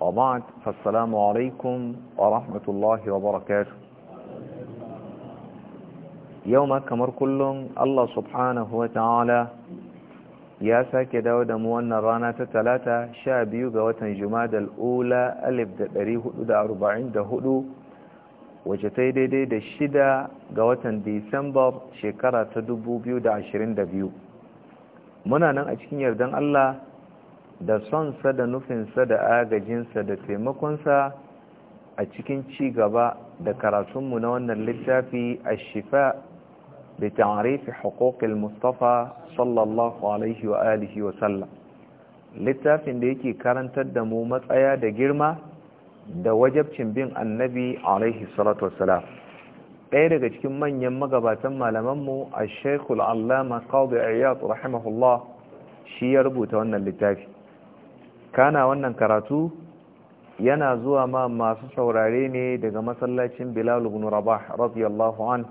وبعد فالسلام عليكم ورحمة Yau وبركاته kamar kullum Allah الله سبحانه وتعالى ya sake dawo da mu wannan rana ta talata sha biyu ga watan jumadal ula alif da ɗari hudu da arba'in da hudu wace ta yi daidai da shida ga watan disambar shekara ta dubu biyu da ashirin da biyu muna nan a cikin yardan allah da sonsa da nufinsa da agajinsa da taimakonsa a cikin ci gaba da karatunmu na wannan littafi a shifa da ta'arifi haƙoƙil mustafa sallallahu alaihi wa alihi wa sallam littafin da yake karantar da mu matsaya da girma da wajabcin bin annabi alaihi salatu wasalam ɗaya daga cikin manyan magabatan malamanmu a shekul allama qadi iyad rahimahullah shi ya rubuta wannan littafi kana wannan karatu yana zuwa ma masu saurare ne daga masallacin bilal ibn rabah radiyallahu an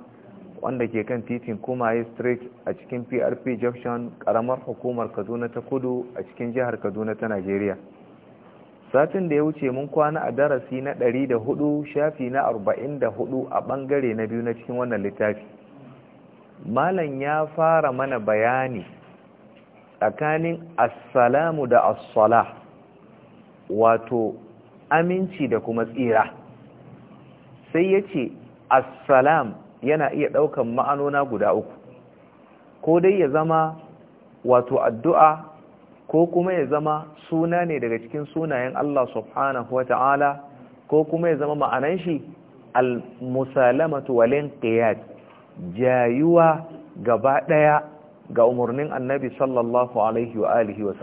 wanda ke kan titin kumaye street a cikin prp junction karamar hukumar kaduna ta kudu a cikin jihar kaduna ta najeriya satin da ya wuce mun kwana a darasi na 104 shafi na 44 a bangare na biyu na cikin wannan littafi malam ya fara mana bayani tsakanin assalamu da assalah wato aminci da kuma tsira sai ya ce assalam yana iya ɗaukan ma'anona guda uku ko dai ya zama wato addu'a ko kuma ya zama suna ne daga cikin sunayen Allah subhanahu wa ta'ala ko kuma ya zama ma'anan shi al-musalamatu walin qiyad jayuwa gaba ɗaya ga umarnin annabi sallallahu alaihi wa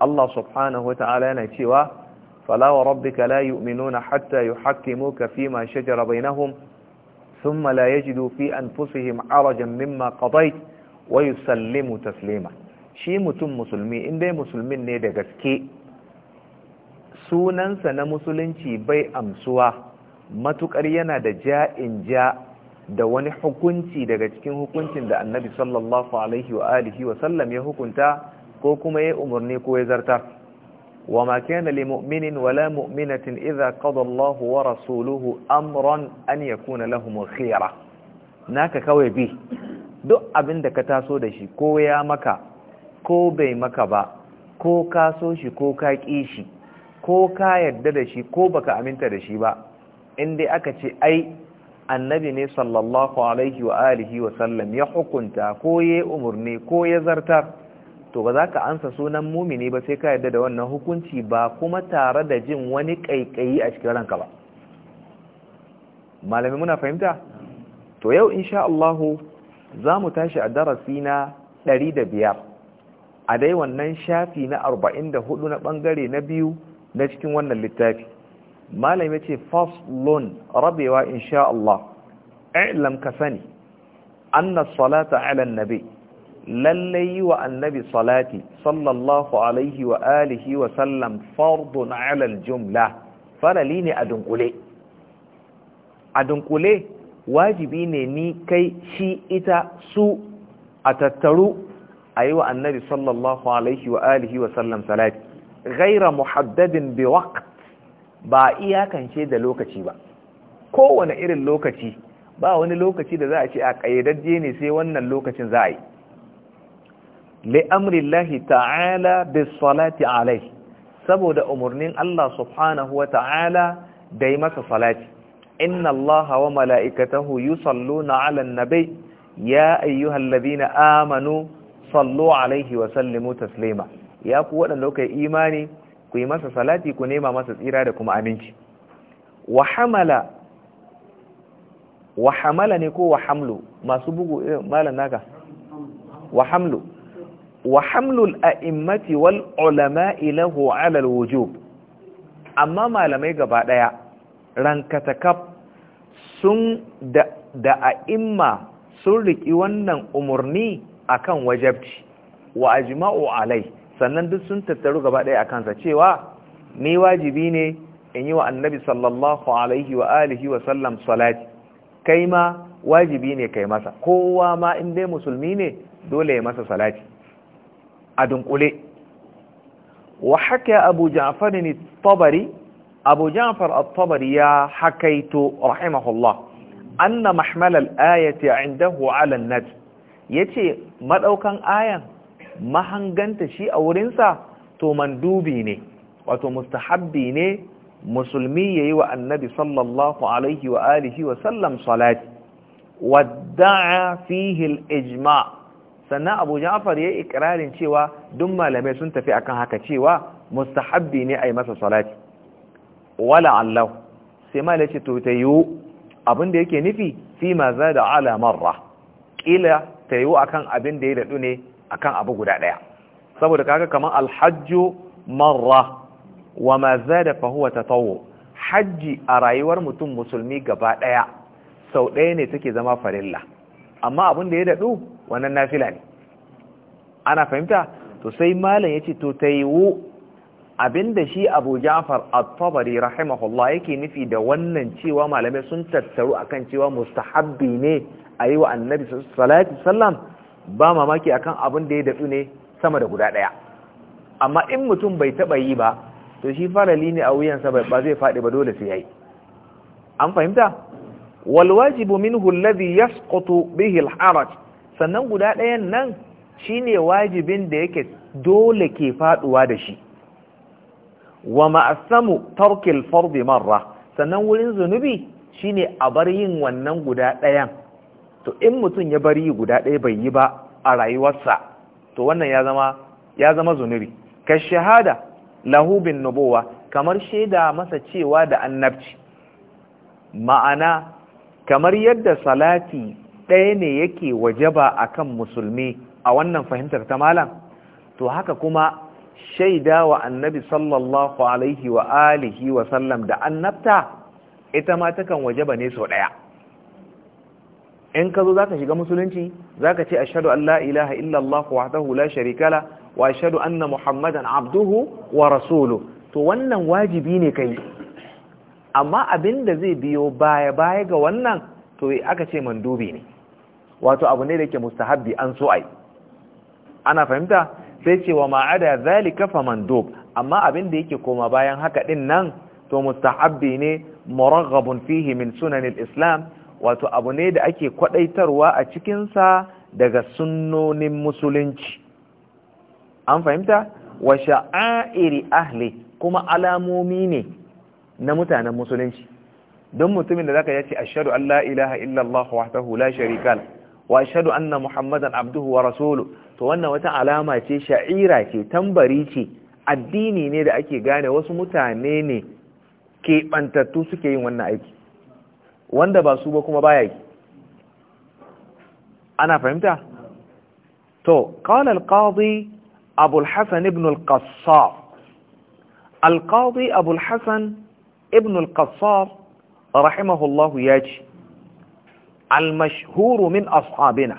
Allah subhanahu wa ta'ala yana cewa fala wa rabbika la yu'minuna hatta yuhaqqimuka fima shajara bainahum thumma la yajidu fi anfusihim arajan mimma qadayt wa yusallimu taslima shi mutum musulmi in dai musulmin ne da gaske sunansa na musulunci bai amsuwa matukar yana da ja'in ja da wani hukunci daga cikin hukuncin da annabi sallallahu alaihi wa alihi wa sallam ya hukunta ko kuma ya umarni ko ya zarta wa ma kana lil mu'minin wala mu'minatin idza qada Allahu wa rasuluhu amran an yakuna lahum khiyara naka kawai bi duk abin da ka taso da shi ko ya maka ko bai maka ba ko ka so shi ko ka ki shi ko ka yarda da shi ko baka aminta da shi ba in dai aka ce ai annabi ne sallallahu alaihi wa alihi wa sallam ya hukunta ko ya umarni ko ya zartar to ba za ka ansa sunan mumini ba sai ka yarda da wannan hukunci ba kuma tare da jin wani kaikayi a cikin ranka ba malami muna fahimta to yau insha Allah za mu tashi a darasi na biyar a dai wannan shafi na arba'in da hudu na bangare na biyu na cikin wannan littafi malami ce faslun rabewa insha Allah i'lam ka sani anna salata ala nabi lallai yi wa annabi salati sallallahu alaihi wa alihi wa sallam fardun alal jumla farali ne a dunkule a dunkule wajibi ne ni kai shi ita su a tattaru a yi wa annabi sallallahu alaihi wa alihi wa sallam salati gaira muhaddadin Biwak ba iyakance da lokaci ba kowane irin lokaci ba wani lokaci da za a ce a ƙayyadajje ne sai wannan lokacin za a yi li'amrillahi ta'ala bisalati alaihi saboda umarnin Allah subhanahu wa ta'ala da yi masa salati inna Allah wa mala'ikatahu yusalluna 'alan nabiy ya ayyuhalladhina amanu sallu 'alaihi wa sallimu taslima ya ku waɗanda kai imani ku yi masa salati ku nema masa tsira da kuma aminci wa hamala ne ko masu bugu eh, malan naka wa hamlul a'immati wal ulama'i lahu 'ala al-wujub amma malamai gaba daya rankatakaf sun da da a'imma sun riki wannan umurni akan wajabci wa ajma'u alai sannan duk sun tattaru gaba daya akan sa cewa ni wajibi ne in yi wa annabi sallallahu alaihi wa alihi wa sallam salati kai ma wajibi ne kai masa kowa ma in dai musulmi ne dole ya masa salati a dunkule wa haka abu ja'far ne tabari abu ja'far at-tabari ya hakaito rahimahullah anna mahmal al-ayati 'indahu 'ala an-naj yace madaukan ayan mahanganta shi a wurinsa to mandubi ne wato mustahabbi ne musulmi yayi wa annabi sallallahu alaihi wa alihi wa sallam salati wadda'a fihi al-ijma' sannan abu ja'far ya ikirarin cewa duk malamai sun tafi akan haka cewa mustahabbi ne a yi masa salati wala allahu sai ma ce to ta yiwu abinda yake nufi fi ma za da ala marra ƙila ta yiwu akan abin da ya daɗu ne akan abu guda ɗaya saboda kaga kamar alhajju marra wa ma za da fahuwa ta tawo hajji a rayuwar mutum musulmi gaba ɗaya sau ɗaya ne take zama farilla amma abin da ya daɗu wannan nafila ne ana fahimta to sai malam yace to tayiwu abinda shi Abu Ja'far At-Tabari rahimahullah yake nufi da wannan cewa malamai sun tattaru akan cewa mustahabbi ne ayi wa Annabi sallallahu alaihi ba mamaki akan abin da ya dadu ne sama da guda daya amma in mutum bai taba yi ba to shi farali ne a wuyansa ba zai fadi ba dole sai yayi an fahimta wal wajibu minhu alladhi yasqutu bihi al-haraj sannan guda ɗayan nan shine wajibin da yake dole ke faɗuwa da shi wa ma'asamu tarkil farbi marra sannan wurin zunubi shine a bar yin wannan guda ɗayan to in mutum ya bar yi guda ɗaya bai yi ba a rayuwarsa to wannan ya zama ya zama zunubi ka shahada lahu bin nubuwa kamar shaida masa cewa da annabci ma'ana kamar yadda salati ɗaya ne yake wajaba akan musulmi a wannan fahimtar ta malam to haka kuma shaida wa annabi sallallahu alaihi wa alihi wa sallam da annabta ita ma takan wajaba ne sau ɗaya in ka zo za ka shiga musulunci za ka ce ashadu an la ilaha illallah ta hula sharikala wa shadu anna muhammadan abduhu wa rasulu to wannan wajibi ne kai amma abin da zai biyo baya baya ga wannan to aka ce mandubi ne wato abu ne da yake mustahabbi an so ai ana fahimta sai ce wa ma'ada zalika dub? amma abin da yake koma bayan haka din nan to mustahabbi ne muraghabun fihi min sunanil islam wato abu ne da ake kwadaitarwa a cikin sa daga sunnonin musulunci an fahimta wa sha'airi ahli kuma alamomi ne na mutanen musulunci don mutumin da zaka yace ashhadu an la ilaha illallah wahdahu la sharika lahu wa ashhadu anna muhammadan abduhu wa Rasulu. to wannan wata alama ce sha'ira ce tambari ce addini ne da ake gane wasu mutane ne keɓantattu suke yin wannan aiki wanda ba su ba kuma baya yi ana fahimta to qala al-qadi ibn al-qassar al-qadi al ibn al-qassar rahimahullahu المشهور من أصحابنا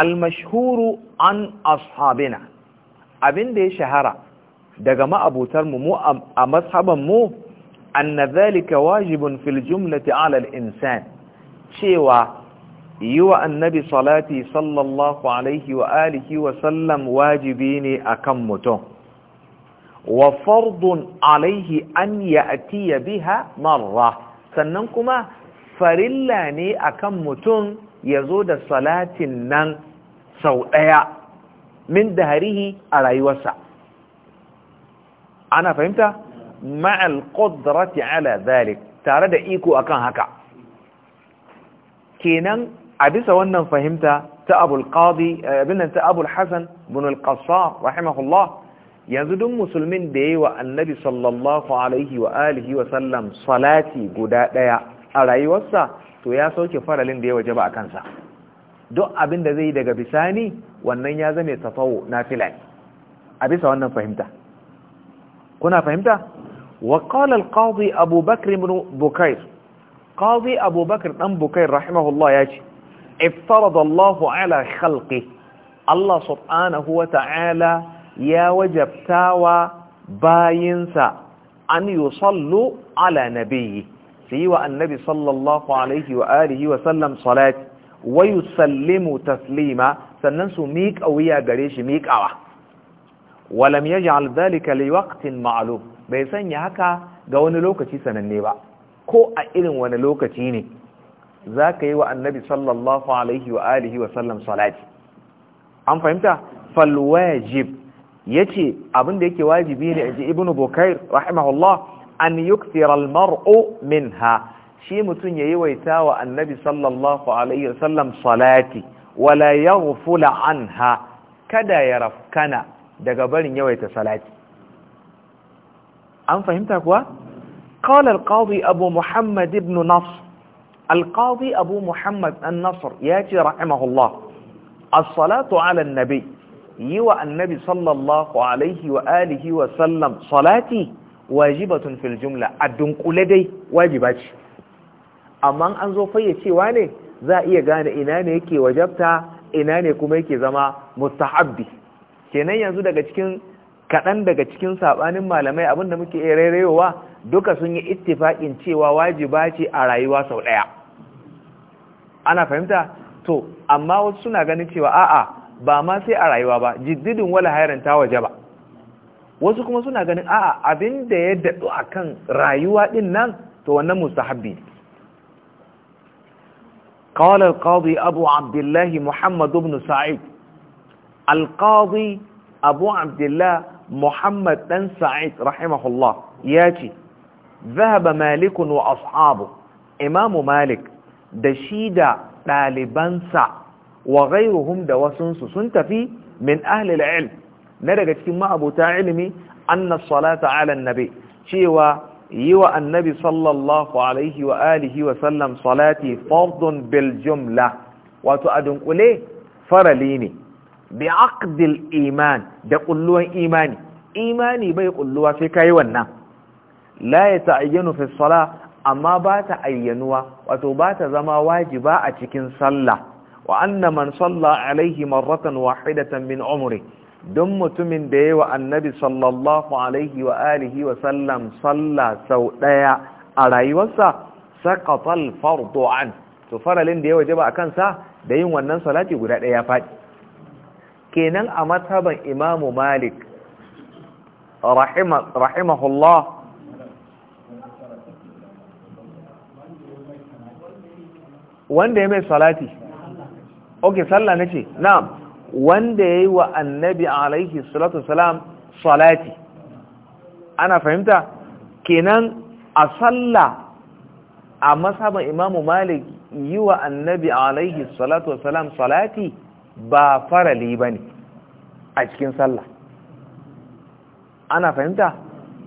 المشهور عن أصحابنا أبن دي شهرة دقم أبو ترمو مو أمصحبا مو أن ذلك واجب في الجملة على الإنسان شوى يوى النبي صلاتي صلى الله عليه وآله وسلم واجبين أكمته وفرض عليه أن يأتي بها مرة sannan kuma farilla ne akan mutum ya zo da salatin nan sau ɗaya min da harihi a rayuwarsa ana fahimta ma'al ƙudrati ala zalik tare da iko akan haka kenan a bisa wannan fahimta ta abul qadi eh, ta abul hasan bin al-qassar rahimahullah yanzu duk musulmin da ya yi wa annabi sallallahu alaihi wa alihi wa sallam salati guda daya a rayuwarsa to ya sauke faralin da ya waje ba a kansa duk abin da zai yi daga bisani wannan ya zame tafawo na filan a bisa wannan fahimta kuna fahimta wa qala al-qadi Abu Bakr ibn Bukair qadi Abu Bakr dan Bukair rahimahullah yace da Allahu ala khalqi Allah subhanahu wa ta'ala ya wajabtawa bayinsa an yusallu ala nabiyyi su yi wa annabi sallallahu alaihi wa alihi wa sallam salat wayu sallimu taslima sannan su miƙa wuya gare shi miƙawa walam yaj'al dhalika liwaqtin ma'alu bai sanya haka ga wani lokaci sananne ba ko a irin wani lokaci ne zaka yi wa annabi sallallahu alaihi wa alihi wa sallam salat an fahimta falwajib. yace abin da yake wajibi ne inji ibnu bukair rahimahullah an yukthira almar'u minha shi mutun yayi waita wa annabi sallallahu alaihi wasallam salati wala yaghfula anha kada ya rafkana daga barin yawaita salati an fahimta kuwa قال القاضي أبو محمد بن نصر القاضي أبو محمد النصر ياتي رحمه الله الصلاة على النبي yi wa annabi sallallahu alaihi wa alihi wa sallam salati wajibatun fil jumla a dunkule dai wajiba ce amma an zo cewa ne za a iya gane ina ne yake wajabta ina ne kuma yake zama mustahabbi kenan yanzu daga cikin kaɗan daga cikin saɓanin malamai abinda muke iya rairayowa duka sun yi ittifaƙin cewa wajiba ce a rayuwa sau ɗaya ana fahimta to amma wasu suna ganin cewa a'a ba ma sai a rayuwa ba jiddidin wala hayaranta waje ba wasu kuma suna ganin a'a abinda ya daɗo a kan rayuwa ɗin to wannan mustahabbi ne ƙawar alƙawar abu abdullahi muhammadu bin sa'id alƙawar abu abdullahi muhammadu ɗan sa'id rahimahullah ya ce zahaba malikun wa ashabu imamu malik da shi da ɗalibansa wa ghayruhum da wasunsu sun tafi min ahli al-ilm na daga cikin ma'abota ilimi anna salata ala annabi cewa yi wa annabi sallallahu alaihi wa alihi wa sallam salati fardun bil jumla wato a dunkule farali ne bi aqdil iman da kulluwan imani imani bai kulluwa sai kai wannan la ya ta'ayyanu fi salah amma ba ta ayyanuwa wato ba ta zama wajiba a cikin sallah wa anna man salla alaihi marratan wahidatan min umri don mutumin da wa annabi sallallahu alaihi wa alihi wa sallam salla sau daya a rayuwarsa saqatal fardu an to faralin da yawa a akan sa da yin wannan salati guda daya ya fadi kenan a mataban imamu malik rahimahullah wanda ya mai salati ok sallah na ce na'am wanda ya yi wa annabi alaihi salatu salam salati ana fahimta kenan a sallah a masaban imamu malik yi wa annabi alaihi salatu salam salati ba farali ba ne a cikin sallah ana fahimta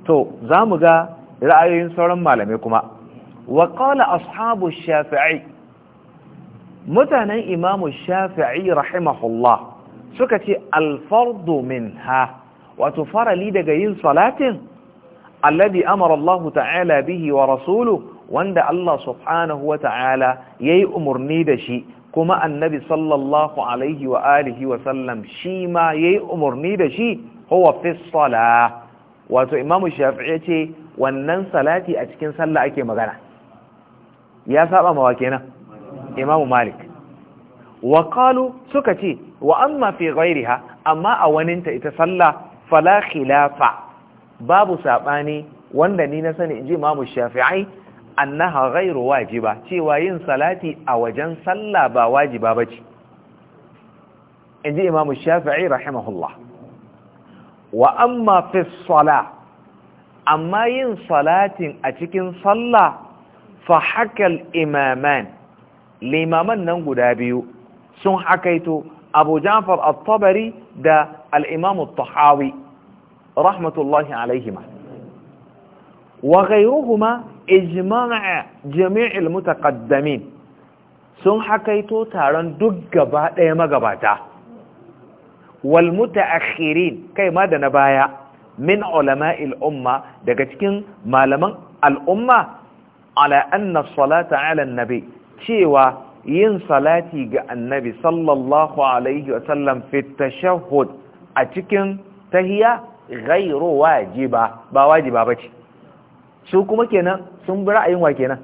to za mu ga ra'ayoyin sauran malamai kuma wa qala ashabu shafi'ai. mutanen imamu shafi'i rahimahullah suka ce alfardu minha wato farali daga yin salatin alladhi amara ta'ala bihi wa rasulu wanda Allah subhanahu wa ta'ala ya yi umarni da shi kuma annabi sallallahu alaihi wa alihi wa sallam shi ma ya yi umarni da shi huwa fisala wato imamu shafi'i ya ce wannan salati a cikin sallah ake magana ya saba mawa kenan imamu malik wa qalu suka ce wa amma fi ghairiha amma a waninta ita sallah fala khilafa babu sabani wanda ni na sani inji imam shafi'i annaha ghairu wajiba cewa yin salati a wajen sallah ba wajiba bace inji imamu shafi'i rahimahullah wa amma fi salah amma yin salatin a cikin sallah fa hakal imaman limaman nan guda biyu sun hakaito abu jafar al-tabari da al-imam tahawi rahmatullahi alaihima wa ghayruhuma ijma' jami' al sun hakaito taron duk gaba ɗaya magabata wal mutaakhirin kai ma da na baya min ulama'il umma daga cikin malaman al'umma ala anna salata ala nabi cewa yin salati ga annabi sallallahu alaihi wasallam fi tashahhud a cikin tahiya gairo wajiba ba wajiba bace su kuma kenan sun bi ra'ayin wa kenan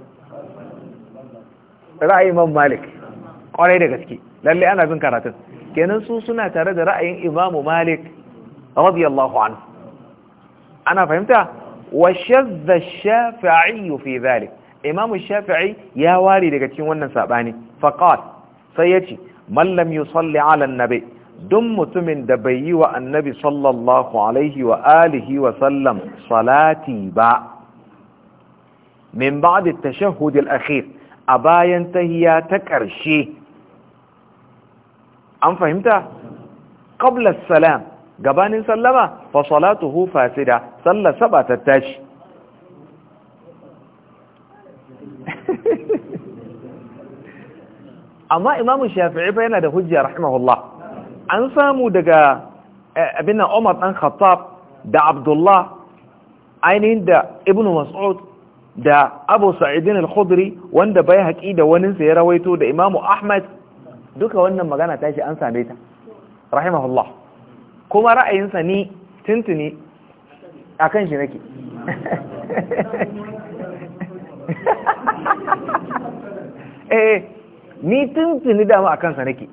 ra'ayin man Malik kwarai da gaske lalle ana bin karatun kenan su suna tare da ra'ayin imamu Malik radiyallahu anhu ana fahimta wa shadda Shafi'i fi dhalik imamu shafi'i ya ware daga cikin wannan saɓani. Fakad, sai yace Mallam lam salli ala annabi dun mutumin da bai yi wa annabi sallallahu alaihi wa alihi wa sallam salati ba min ba'da tashahhud al-akhir a bayan tahiya ta ƙarshe an fahimta qabla salam gabanin sallama fa salatuhu fasida sallar ba ta tashi amma imamu shafi'i fa yana da hujja rahimahullah an samu daga eh, abin Umar dan Khattab da Abdullah ainihin da Ibn Mas'ud da Abu Sa'idin al-Khudri wanda bai haƙi da waninsa ya rawaito da imamu Ahmad duka wannan magana ta shi an same ta rahimahullah kuma ra'ayinsa ni tuntuni akan shi nake eh ni tuntuni dama a kansa nake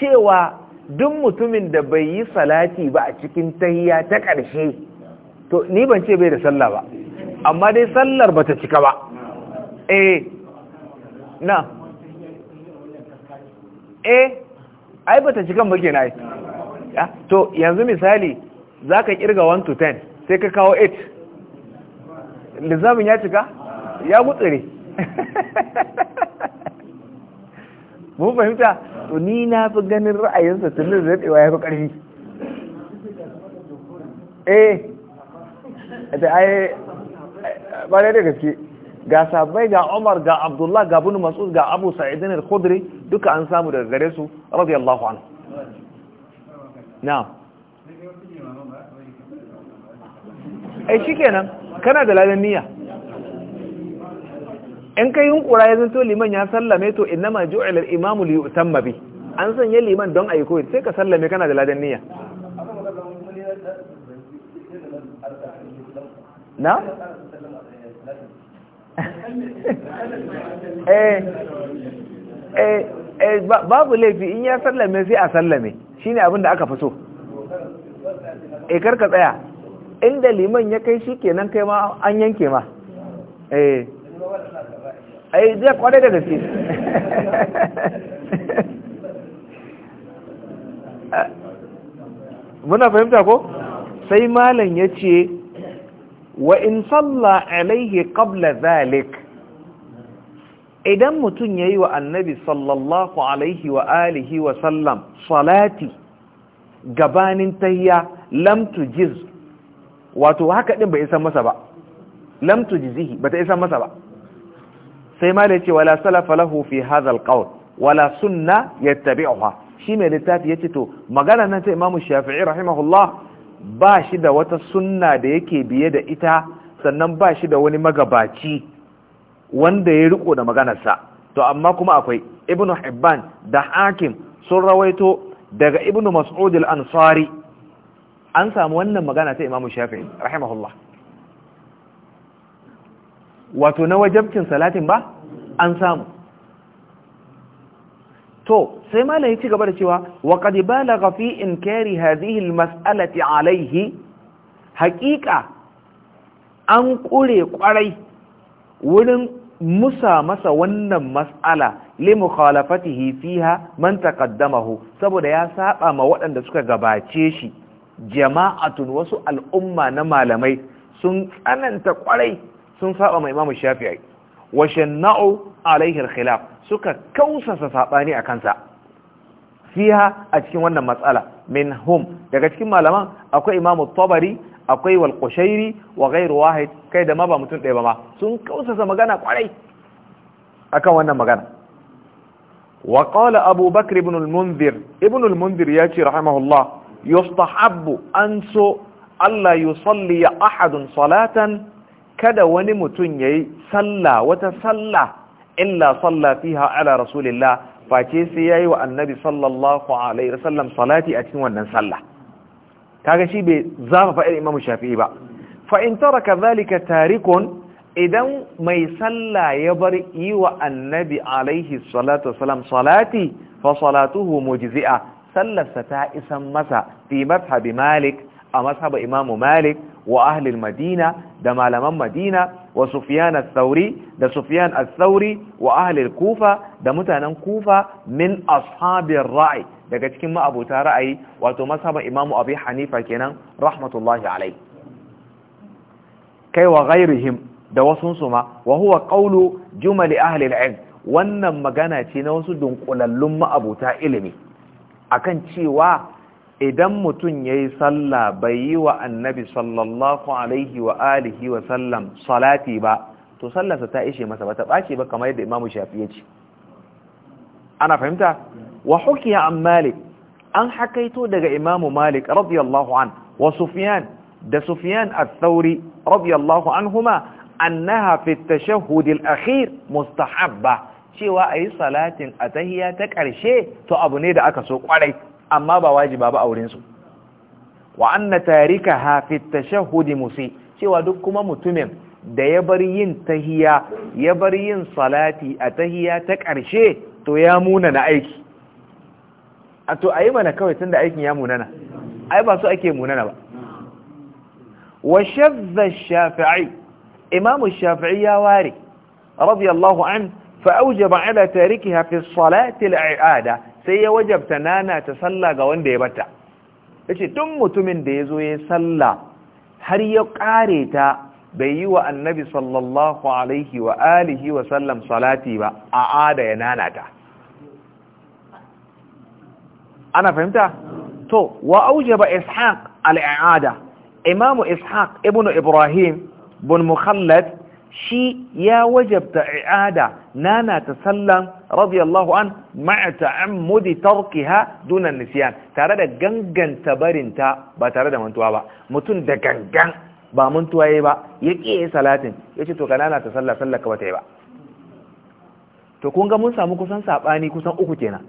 cewa duk mutumin da bai yi salati ba a cikin tahiya ta ƙarshe to ni ban ce bai da sallah ba amma dai sallar ba ta cika ba eh na eh ai ba ta cikan ba kenan ai to yanzu misali za ka kirga 1 to 10 sai ka kawo 8 lizamin ya cika ya gutsire mun fahimta to ni na fi ganin ra'ayinsa tun da daɗewa ya fi ƙarfi eh da ai ba da gaske ga sabai ga Umar ga Abdullah ga Ibn Mas'ud ga Abu Sa'id al duka an samu daga gare su radiyallahu anhu na'am eh shikenan kana da ladan niyya in kai yunkura ya zanto liman ya sallame to ma ju'ila al-imamu li yutamma bi an sanya liman don yi koyi sai ka sallame kana da ladan niyya na eh eh, eh babu laifi in ya sallame sai a sallame shine abin da aka fi so eh, kar karka tsaya inda liman ya kai shi kenan kai ma an yanke ma eh ai zai kwarai da gaske muna fahimta ko sai malam ya ce wa in salla alaihi qabla zalik idan mutum ya yi wa annabi sallallahu alaihi wa alihi wa sallam salati gabanin tahiya lamtu jiz, wato haka din bai isa masa ba Lamtu jizihi bata isa masa ba sai ma da yace wala salafa lahu fi hazal alqawl wala sunna yattabi'uha shi mai littafi yace to magana nan ta imamu Shafi'i rahimahullah ba shi da wata sunna da yake biye da ita sannan ba shi da wani magabaci wanda ya riko da sa to amma kuma akwai ibnu Hibban da Hakim sun rawaito daga ibnu Mas'ud al-Ansari an samu wannan magana ta Imam Shafi'i rahimahullah wato na wajabcin salatin ba an samu to sai malam ya ci gaba da cewa wa qad balagha fi inkari hadhihi almas'alati alayhi haqiqa an kure kwarai wurin musa masa wannan mas'ala li mukhalafatihi fiha man taqaddamahu saboda ya saba ma waɗanda suka gabace shi jama'atun wasu al'umma na malamai sun tsananta kwarai sun saba mai imamu shafi'i wa shanna'u alaihi alkhilaf suka kausasa sabani a kansa fiha a cikin wannan matsala minhum daga cikin malaman akwai imamu tabari akwai wal qushairi wa ghairu wahid kai da ma ba mutun ɗaya ba ma sun kausasa magana kwarai akan wannan magana wa qala abu bakr ibn al-munzir ibn al-munzir yace rahimahullah yustahabbu an so Allah yusalli ya ahadun salatan kada wani mutum yayi salla wata salla illa sallafi fiha ala rasulillah face sai yi wa annabi sallallahu alaihi wasallam salati a cikin wannan salla kaga shi bai zafa fa'il imamu shafi'i ba fa in taraka zalika tarikun idan mai salla ya bar yi wa annabi alaihi salatu wasallam salati fa salatuhu mujzi'a sallarsa ta isan masa fi mazhabi malik a mazhaba imamu malik wa ahlil madina da malaman madina wa sufiyan al-thauri da sufyan al-thauri wa ahlil kufa da mutanen kufa min ashabir ra'i daga cikin ma'abuta ra'ayi wato masaban imamu abi hanifa kenan rahmatullahi alai kai wa ghairihim da wasu suma wa huwa qawlu jumali ahli al-ilm wannan magana ce na wasu dunkulallun ma'abuta ilimi akan cewa idan mutum ya yi sallah bai yi wa annabi sallallahu alaihi wa alihi wa sallam salati ba to sallarsa ta ishe masa ba ta ɓace ba kamar yadda imamu shafi ya ce ana fahimta wa hukiya an malik an hakaito daga imamu malik radiyallahu an wa sufiyan da Sufiyan al-thauri radiyallahu anhuma annaha fi tashahhud al-akhir mustahabba cewa ayi salatin atahiya ta ƙarshe to abu ne da aka so kwarai amma ba wajiba ba auren su wa anna hafi fi tashahhud musi cewa duk kuma mutumin da ya bar yin tahiya ya bar yin salati a tahiya ta ƙarshe to ya muna na aiki a to yi mana kawai da aikin ya munana ai ba su ake munana ba wa shadda shafi'i imamu shafi'i ya ware radiyallahu an fa aujaba ala tarikiha fi salati al sai ya wajabta nana ta sallah ga wanda ya bata yace tun mutumin da ya zo ya sallah har ya kare ta bai yi wa annabi sallallahu alaihi wa alihi wa sallam salati ba a ada ya nana ta ana fahimta to wa aujaba ishaq al imamu ishaq ibnu ibrahim bin mukhallad shi ya wajabta i'ada nana ta sallan radiyallahu an ma'a tarkiha duna nisyan tare da ganganta barinta ba tare da mantuwa ba mutum da gangan ba mantuwa yayi ba ya kiyaye salatin yace to kana ta sallah sallah ka bata yi ba to kun ga mun samu kusan sabani kusan uku kenan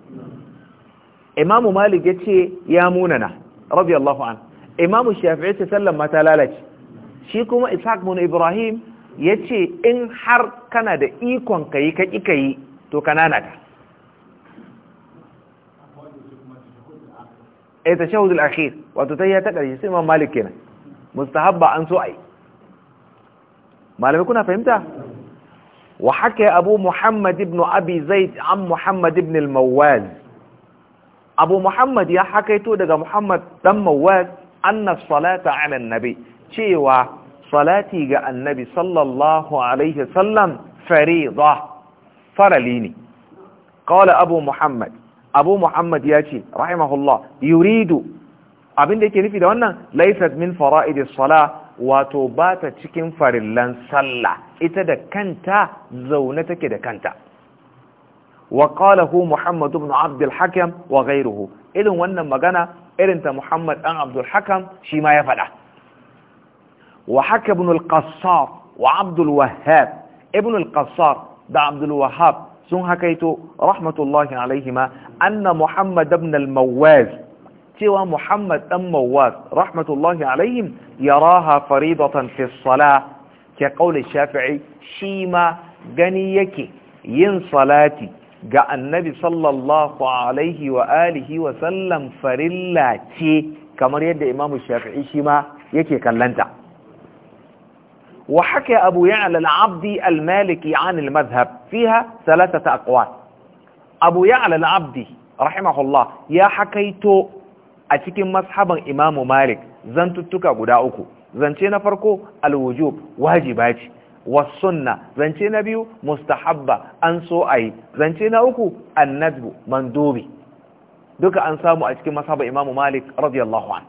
imamu malik yace ya munana radiyallahu an imamu shafi'i sallan ma ta lalace shi kuma ishaq ibn ibrahim ya ce in har kana da ikon ka yi ka ƙi ka yi to kanana ka. a eh, ta shahudul akhir wato ta yi ta ƙarshe sai imam malik kenan mustahabba an so a yi malamai kuna fahimta wa haka abu muhammad ibn abi zaid an muhammad ibn al mawwal abu muhammad ya hakaito daga muhammad dan Mawwal an anna salata ala nabi cewa salati ga annabi sallallahu alaihi sallam fariḍa farali ne qala abu muhammad abu muhammad ya ce rahimahullah yuridu abin da yake nufi da wannan laysat min fara'id as-salah wato ba ta cikin farillan sallah ita da kanta zaune take da kanta wa qalahu muhammad ibn abd al-hakim wa ghayruhu irin wannan magana irin ta muhammad dan abd al-hakim shi ma ya faɗa وحكى ابن القصار وعبد الوهاب ابن القصار ده عبد الوهاب سن حكيت رحمة الله عليهما أن محمد بن المواز سوى محمد بن مواز رحمة الله عليهم يراها فريضة في الصلاة كقول الشافعي شيما جنيك ين صلاتي جاء النبي صلى الله عليه وآله وسلم فرلاتي كما يد إمام الشافعي شيما يكي كلنتا وحكى أبو يعلى العبدي المالكي عن المذهب فيها ثلاثة أقوال أبو يعلى العبدي رحمه الله يا حكيتو أتيك مصحبا إمام مالك زنتتك قداؤكو زنتين فرقو الوجوب واجبات والسنة زنتين بيو مستحبة أنسو أي زنتين أكو الندب مندوبي دوك أنسامو أتيك مصحبا إمام مالك رضي الله عنه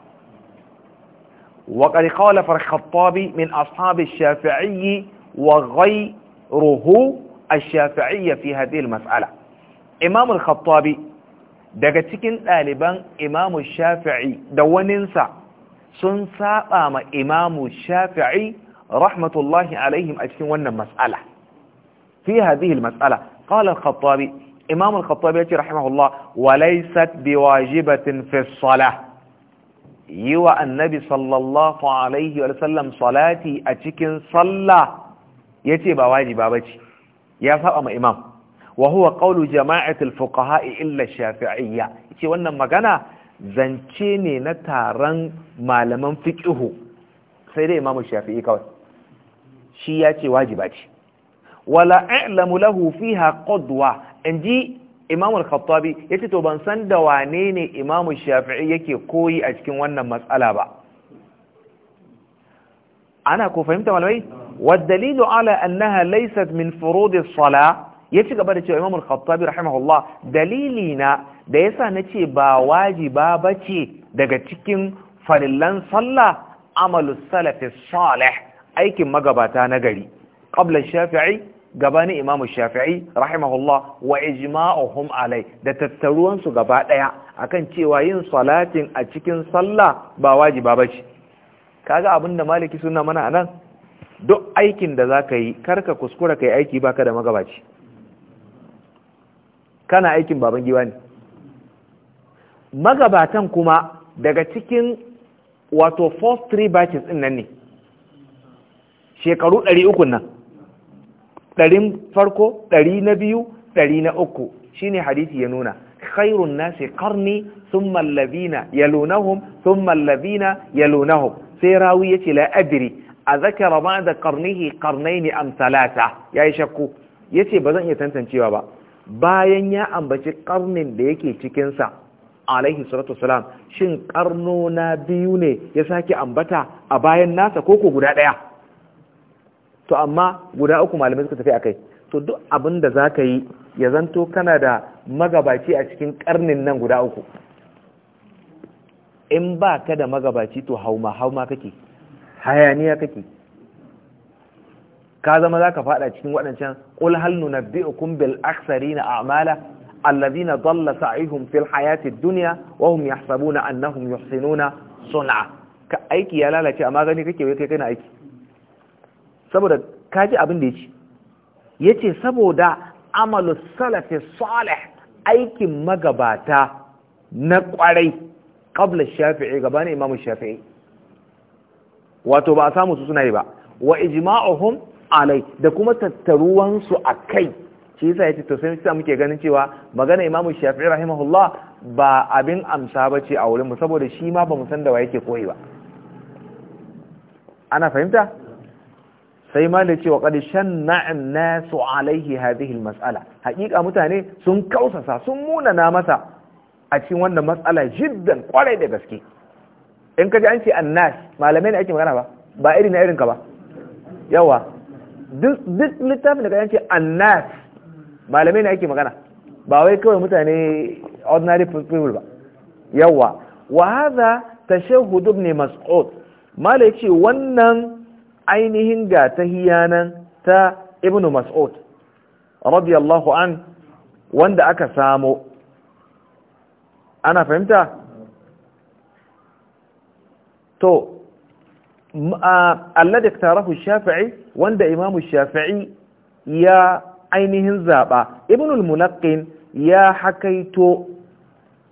وقد قال في الخطابي من أصحاب الشافعي وغيره الشافعية في هذه المسألة إمام الخطابي daga cikin ɗaliban imamu shafi'i da waninsa sun saba ma imamu shafi'i rahmatullahi alaihim a cikin wannan mas'ala fi hadhihi al-mas'ala qala al-khattabi imam al-khattabi yace rahimahullah wa laysat biwajibatin fi as-salah yi wa annabi sallallahu alaihi wa sallam salati a cikin sallah ya ce ba wajiba ba ce ya saba ma imam wa huwa qawlu jama'atul fuqaha illa shafi'iyya ce wannan magana zance ne na taron malaman fiqhu sai dai imamu shafi'i kawai shi ya ce wajiba ce wala a'lamu lahu fiha qadwa inji imamul khattabi ya ce to ban san da wane ne imamu shafi'i yake koyi a cikin wannan matsala ba ana ko fahimta malamai dalilu ala annaha laysat min furudi sala ya ci gaba da cewa imamul khattabi rahimahullah dalili na da yasa nace ba wajiba bace daga cikin farillan sallah amalu salafi salih aikin magabata na gari qabla shafi'i gabani imamu shafi'i rahimahullah wa ijma'uhum alai da tattaruwansu gaba daya akan cewa yin salatin a cikin sallah ba wajiba bace kaga abinda maliki suna mana anan duk aikin da zaka yi karka kuskura kai aiki baka da magabaci kana aikin baban giwa ne magabatan kuma daga cikin wato first three batches din nan ne shekaru 300 nan ɗarin farko ɗari na biyu ɗari na uku shine hadisi ya nuna khairun nasi qarni thumma alladhina yalunahum thumma ya yalunahum sai rawi yace la la'abiri, a zakara ba'da qarnihi ne amsalata thalatha yayi shakku yace zan iya tantancewa ba bayan ya ambaci karnin da yake cikin sa alaihi salatu salam, shin karnona biyu ne ya sake ambata a bayan nasa koko guda ɗaya. to amma guda uku malamai suka tafi akai to duk abin da za ka yi ya zanto kana da magabaci a cikin karnin nan guda uku in ba ka da magabaci to hauma hauma kake hayaniya kake ka zama za ka fada cikin waɗancan ƙul halnu na bi'ukun bil aksari na amala allazina dalla sa'ihum fil hayati duniya wa hum yahsabuna annahum yuhsinuna sun'a ka aiki ya lalace amma gani kake wai kai kana aiki saboda kaji abin da ya ce ya ce saboda amalu salafi salih aikin magabata na kwarai ƙabla shafi'i gabanin imamu shafi'i wato ba a samu su suna yi ba wa ijma'uhum alai da kuma tattaruwansu a kai shi yasa ya ce to sai muke ganin cewa magana imamu shafi'i rahimahullah ba abin amsa ba ce a wurin mu. saboda shi ma ba mu san da wa yake koyi ba ana fahimta sai ma da cewa qad shanna'an nasu alaihi hadhihi almas'ala Hakika mutane sun kausasa sun munana masa a cikin wannan matsala jiddan kwarai da gaske in ka ji an ce annas malamai ne ake magana ba ba irin na irin ka ba yawa duk littafin da ka yanke annas malamai ne ake magana ba wai kawai mutane ordinary people ba yawa wa hadha tashahhud ibn mas'ud malai ce wannan ainihin ga tahiyanan ta ibn mas'ud radiyallahu an wanda aka samo ana fahimta to alladhi tarahu shafi'i wanda imamu shafi'i ya ainihin zaba ibn al-mulaqqin ya hakaito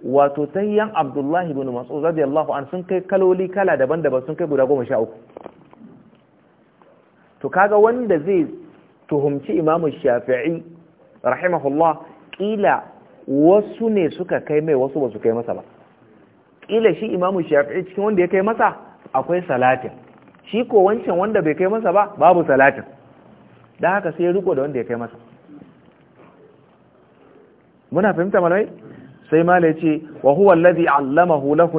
wato tayyan abdullahi ibn mas'ud radiyallahu an sun kai kaloli kala daban-daban sun kai guda 13 to kaga wanda zai tuhumci imamu shafi'i rahimahullah ƙila wasu ne suka kai mai wasu ba su kai masa ba Ƙila shi imamu shafi'i cikin wanda ya kai masa akwai salatin shi ko wancan wanda bai kai masa ba babu salatin da haka sai ya riko da wanda ya kai masa muna fahimta malamai sai malai ce wa huwa allazi allamahu lahu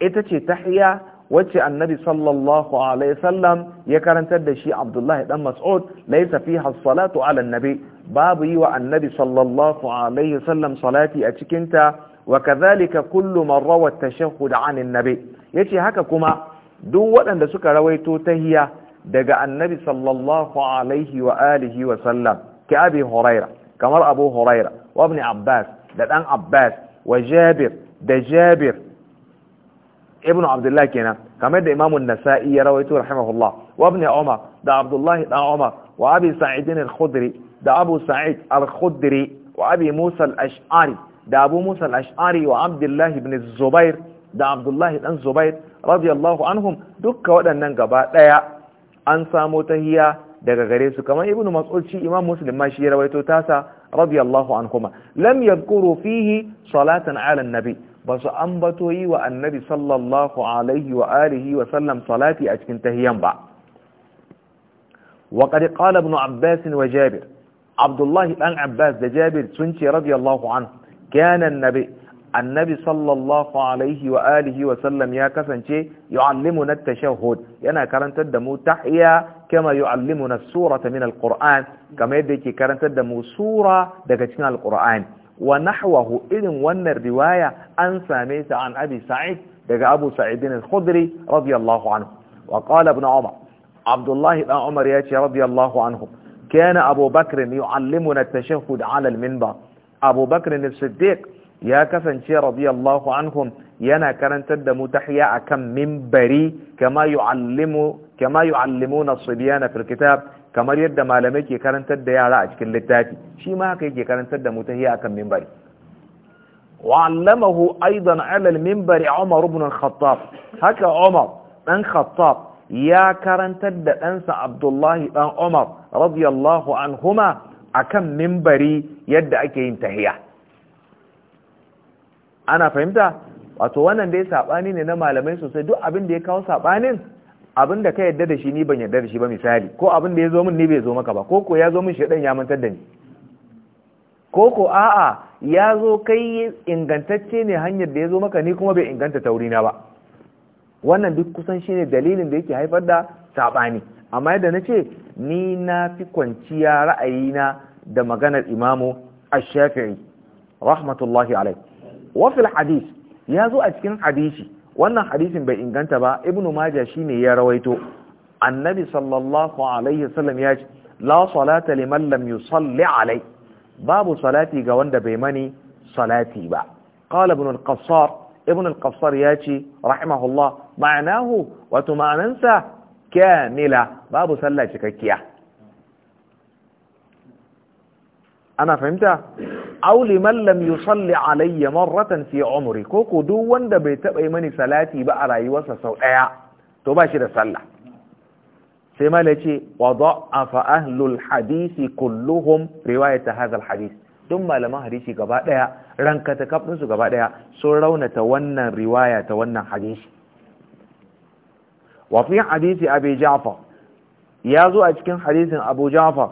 ita ce tahiya wacce annabi sallallahu alaihi sallam ya karantar da shi abdullahi dan mas'ud laysa fiha salatu ala annabi babu yi wa annabi sallallahu alaihi sallam salati a cikin ta wa kadhalika kullu man rawa at-tashahhud an annabi yace haka kuma duk waɗanda suka rawaito tahiya daga annabi sallallahu alaihi wa alihi wa sallam ki abi huraira kamar abu huraira wa ibn abbas da dan abbas wa jabir da jabir ibnu abdullah kenan kamar da imamun nasa'i ya rawaito rahimahullah wa ibn umar da abdullahi dan umar wa abi sa'id al-khudri da abu sa'id al-khudri wa abi musa al-ash'ari da abu musa al-ash'ari wa abdullahi ibn zubair da abdullahi dan zubair radiyallahu anhum dukka waɗannan gaba ɗaya an samo tahiya daga gare su kamar ibn mas'ud shi imam muslim ma shi ya rawaito tasa radiyallahu anhuma lam yadhkuru fihi salatan ala nabi ba su ambato yi wa annabi sallallahu alaihi wa alihi wa sallam salati a cikin tahiyan ba wa qad qala abbas wa jabir abdullahi dan abbas da jabir sun ce radiyallahu anhu kana annabi annabi sallallahu alaihi wa alihi wa sallam ya kasance yu'allimu na tashahud yana karantar da mu tahiya kama yu'allimu na surata min al kamar yadda yake karantar da mu sura daga cikin al ونحوه إذن ون الرواية أن ساميت عن أبي سعيد دقى أبو سعيد الخضري رضي الله عنه وقال ابن عمر عبد الله بن عمر ياتي رضي الله عنه كان أبو بكر يعلمنا التشهد على المنبر أبو بكر الصديق يا كفن شي رضي الله عنهم ينا كرن تد متحيا كم منبري كما يعلم كما يعلمون الصبيان في الكتاب kamar yadda malamai ke karantar da yara a cikin littafi shi ma haka yake karantar da mutahiya akan mimbari wa'allamahu aidan alal mimbari Umar ibn al-Khattab haka Umar dan Khattab ya karantar da ɗansa Abdullahi dan Umar radiyallahu anhuma akan mimbari yadda ake yin tahiya ana fahimta wato wannan dai sabani ne na malamai sosai duk abin da ya kawo sabanin abin da ka yadda da shi ni ban yadda da shi ba misali ko abin da ya zo min ni bai zo maka ba ko ya zo min shaidan ya mantar da ni koko a'a ya zo kai ingantacce ne hanyar da ya zo maka ni kuma bai inganta tauri na ba wannan duk kusan shi ne dalilin da yake haifar da saɓani amma yadda na ce ni na fi kwanciya ra'ayina da maganar imamu ash-shafi'i rahmatullahi alai wa fil hadith ya zo a cikin hadisi wannan hadisin bai inganta ba ibnu majah shine ya rawaito annabi sallallahu alaihi wasallam ya ce la salata liman lam yusalli alai babu salati ga wanda bai mani salati ba qala ibn al-qassar ibn al-qassar ya ce rahimahullah ma'anahu wato ma'anansa kamila babu sallah cikakkiya ana fahimta auli mallam salli alayya marratan fi umri ko ko duk wanda bai taɓa yi mani salati ba a rayuwarsa sau ɗaya? to ba shi da sallah sai mala ce wa da'afa ahlul hadisi kulluhum riwayata hadha alhadith duk malaman hadisi gaba ɗaya, rankata kafin su gaba ɗaya, sun raunata wannan riwaya ta wannan hadisi wa fi hadisi abi ja'far ya zo a cikin hadisin abu ja'far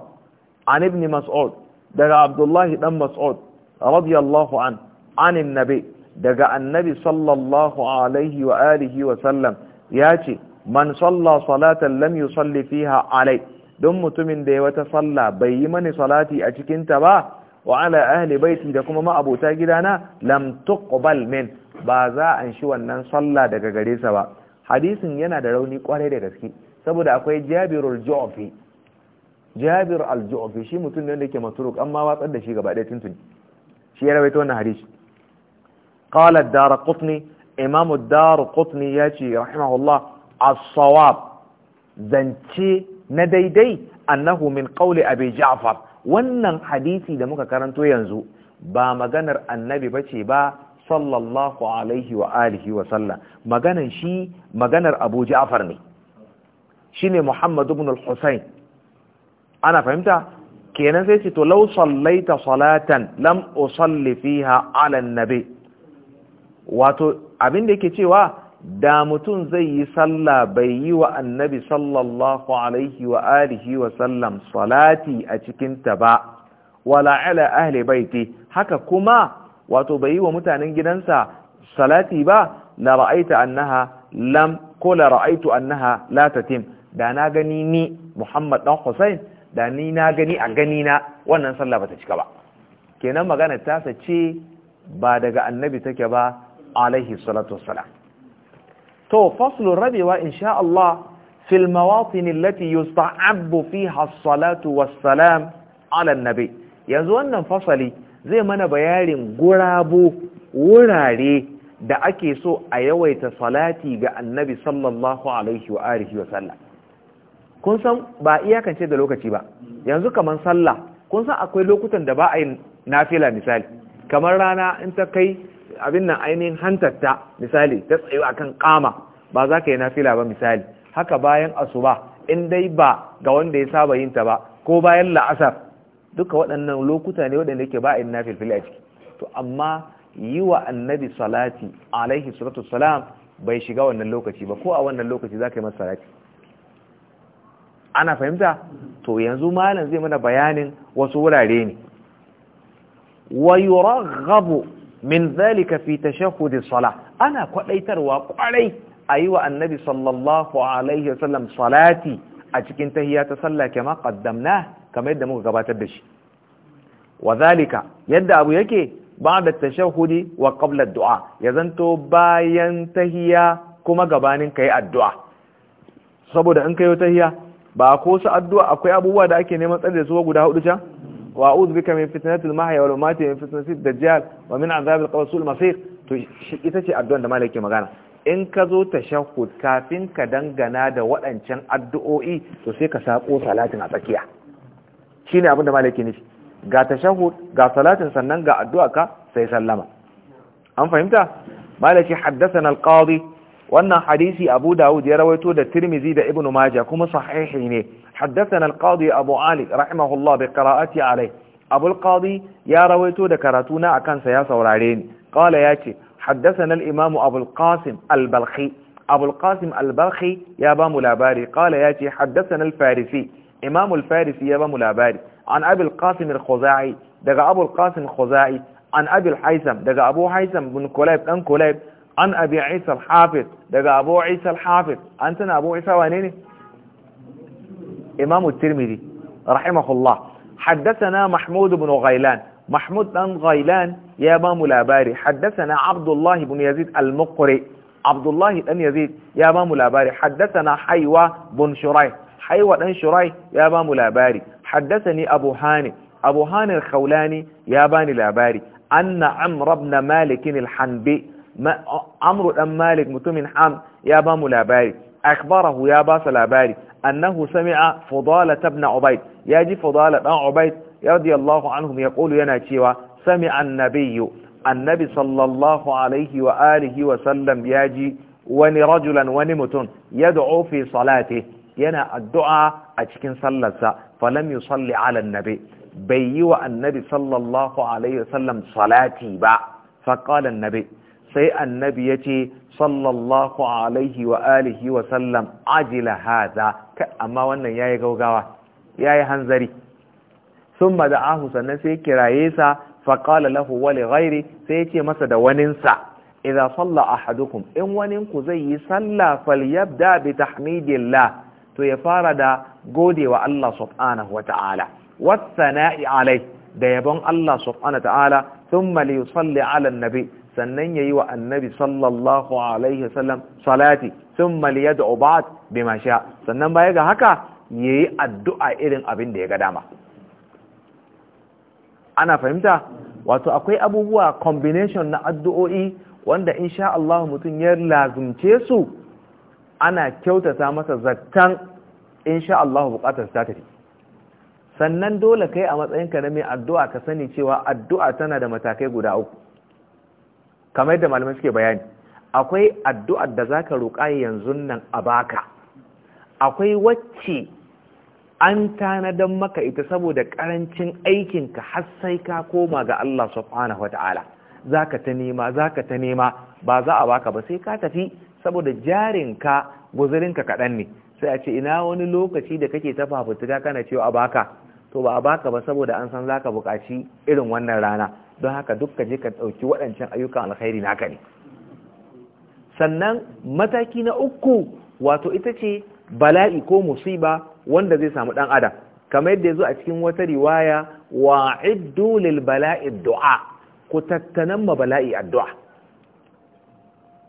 an ibn mas'ud daga abdullahi dan mas'ud radiyallahu an anin nabi daga annabi sallallahu alaihi wa alihi wa sallam ya ce man salla salatan lam yusalli fiha alai don mutumin da ya wata salla bai yi mani salati a cikin ta ba wa ala ahli baiti da kuma ma'abota gidana lam tuqbal min ba za anshi shi wannan salla daga gare sa ba hadisin yana da rauni kwarai da gaske saboda akwai jabirul ju'fi jabir al-ju'fi shi mutum ne da yake matruk amma watsar da shi gaba ɗaya tuntuni shi ya rawaito wannan hadisi qala ad-darqutni imam ad-darqutni yace rahimahullah as-sawab zance na daidai annahu min qawli abi ja'far wannan hadisi da muka karanto yanzu ba maganar annabi bace ba sallallahu alaihi wa alihi wa sallam maganar shi maganar abu ja'far ne shine muhammad ibn al-husayn ana fahimta kenan sai ce to law sallaita salatan lam usalli fiha ala nabi wato abin da yake cewa da mutum zai yi sallah bai yi wa annabi sallallahu alaihi wa alihi wa sallam salati a cikin ta ba wala ala ahli baiti haka kuma wato bai yi wa mutanen gidansa salati ba la ra'aita annaha lam ko la ra'aitu annaha la tatim da na gani ni Muhammad dan husain. da ni na gani a gani na wannan sallah bata cika ba kenan magana ta sace ba daga annabi take ba alaihi salatu wassalam to faslu rabiwa insha Allah fil mawatin allati yusta'abu fiha as-salatu was-salam ala annabi yanzu wannan fasali zai mana bayanin gurabo wurare da ake so a yawaita salati ga annabi sallallahu alaihi wa alihi wa sallam kun san ba iyakance da lokaci ba yanzu kamar sallah kun san akwai lokutan da ba a yi nafila misali kamar rana in ta kai abin nan ainihin hantarta misali ta tsayo akan kama ba za ka yi nafila ba misali haka bayan asuba in dai ba ga wanda ya saba yin ta ba ko bayan la'asar duka waɗannan lokuta ne waɗanda yake ba a yi nafilfila a ciki to amma yi wa annabi salati alaihi salatu salam bai shiga wannan lokaci ba ko a wannan lokaci za ka yi masa salati ana fahimta to yanzu malam zai mana bayanin wasu wurare ne wa yuraghabu min zalika fi tashahhudi Sala. ana kwadaitarwa kwarai ayi wa annabi sallallahu alaihi wasallam salati a cikin tahiya ta sallah kama qaddamna kamar yadda muka gabatar da shi wa zalika yadda abu yake ba'da tashahhudi wa qabla dua ya zanto bayan tahiyya kuma gabanin kai addu'a saboda in kayo tahiyya ba ko su addu'a akwai abubuwa da ake neman da su guda hudu can wa a'udhu bika min fitnatil mahya wal mamati min fitnatid dajjal wa min azabil qawsul masir to ita ce addu'an da malaki magana in ka zo tashahhud kafin ka dangana da waɗancan addu'o'i to sai ka sako salatin a tsakiya shine abin da malaki nufi ga tashahhud ga salatin sannan ga addu'a ka sai sallama an fahimta malaki haddasa al-qadi wannan hadisi abu dawud ya rawaito da tirmizi da ibnu majah kuma sahihi ne haddathana al-qadi abu ali rahimahullah bi qira'ati alayh abu al-qadi ya rawaito da karatu na akan sa ya saurare ni qala yace haddathana al-imam abu al-qasim al-balkhi abu al-qasim al-balkhi ya ba mu labari qala yace haddathana al-farisi imam al-farisi ya ba mu labari an abi al-qasim al-khuzai daga abu al-qasim khuzai an abi al daga abu haisam bin kulayb dan kulayb عن أبي عيسى الحافظ دقى أبو عيسى الحافظ أنتنا أبو عيسى وانيني إمام الترمذي رحمه الله حدثنا محمود بن غيلان محمود بن غيلان يا مام الأباري حدثنا عبد الله بن يزيد المقري عبد الله بن يزيد يا مام الأباري حدثنا حيوى بن شريح حيوى بن شريح يا مام الأباري حدثني أبو هاني أبو هاني الخولاني يا باني الأباري أن عمر بن مالك الحنبي عمرو بن مالك متمن حام يا بام لاباري اخبره يا باس لاباري انه سمع فضالة ابن عبيد يجي فضالة ابن عبيد رضي الله عنهم يقول ينا تشيوا سمع النبي النبي صلى الله عليه وآله وسلم يجي ون رجلا ونمت يدعو في صلاته ينا الدعاء اتشكن صلت فلم يصلي على النبي بيو النبي صلى الله عليه وسلم صلاتي با فقال النبي sai annabi ya ce sallallahu alaihi wa alihi wa sallam ajila haza amma wannan yayi gaugawa yi hanzari da da'ahu sannan sai kiraye sa fa qala lahu wa li ghairi sai yace masa da waninsa idza salla ahadukum in wanin ku zai yi salla falyabda bi tahmidillah to ya fara da godewa Allah subhanahu wa ta'ala alai da yabon Allah subhanahu wa ta'ala sun mali yusalli ala nabi sannan ya yi wa annabi sallallahu alaihi wasallam salati thumma da ba'd bima sha sannan baya ga haka ya yi addu'a irin abin da ya ga dama ana fahimta wato akwai abubuwa combination na addu'o'i wanda sha Allah mutum ya lazumce su ana kyautata masa in sha Allah bukatar satari sannan dole kai a matsayinka na mai addu'a ka sani cewa addu'a tana da matakai guda uku kamar yadda malamai suke bayani akwai addu'ar da za ka roƙa yanzu nan a baka akwai wacce an tanadan maka ita saboda karancin aikinka har sai ka koma ga Allah subhanahu wata'ala zaka ta nema zaka ta nema ba za a baka ba sai ka tafi saboda jarin jarinka guzurinka kaɗan ne sai a ce ina wani lokaci da kake ta fafutuka kana cewa a baka to ba a baka ba saboda an san zaka buƙaci irin wannan rana don haka duk ka je ka ɗauki waɗancan ayyukan alkhairi naka ne sannan mataki na uku wato ita ce bala'i ko musiba wanda zai samu ɗan adam kamar yadda ya zo a cikin wata riwaya wa iddu lil bala'i du'a ku tattanan ma bala'i addu'a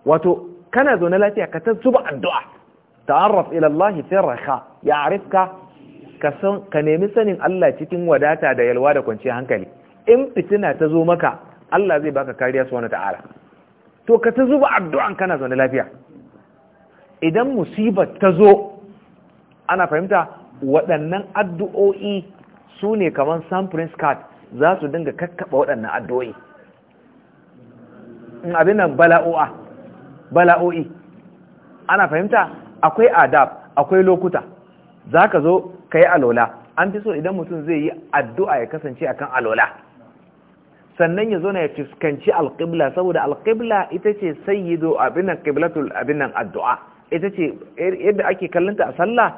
wato kana zo na lafiya ka ta zuba addu'a ta'arraf ila Allah fi raha ya'rifka ka san ka nemi sanin Allah cikin wadata da yalwa da kwanciyar hankali in fitina ta zo maka Allah zai baka kariya wani ta'ala to ka ta zuba addu'an kana zaune lafiya idan musibar ta zo ana fahimta waɗannan addu'o'i su ne kamar san prince card za su dinga kakkaɓa waɗannan addu'o'i abin nan bala'o'a bala'o'i ana fahimta akwai adab akwai lokuta za ka zo ka yi alola an fi so idan mutum zai yi addu'a ya kasance akan alola sannan ya zo na ya fuskanci alƙibla saboda alƙibla ita ce sayyido abinan ƙiblatul abinan addu'a ita ce er, yadda ake kallinta a sallah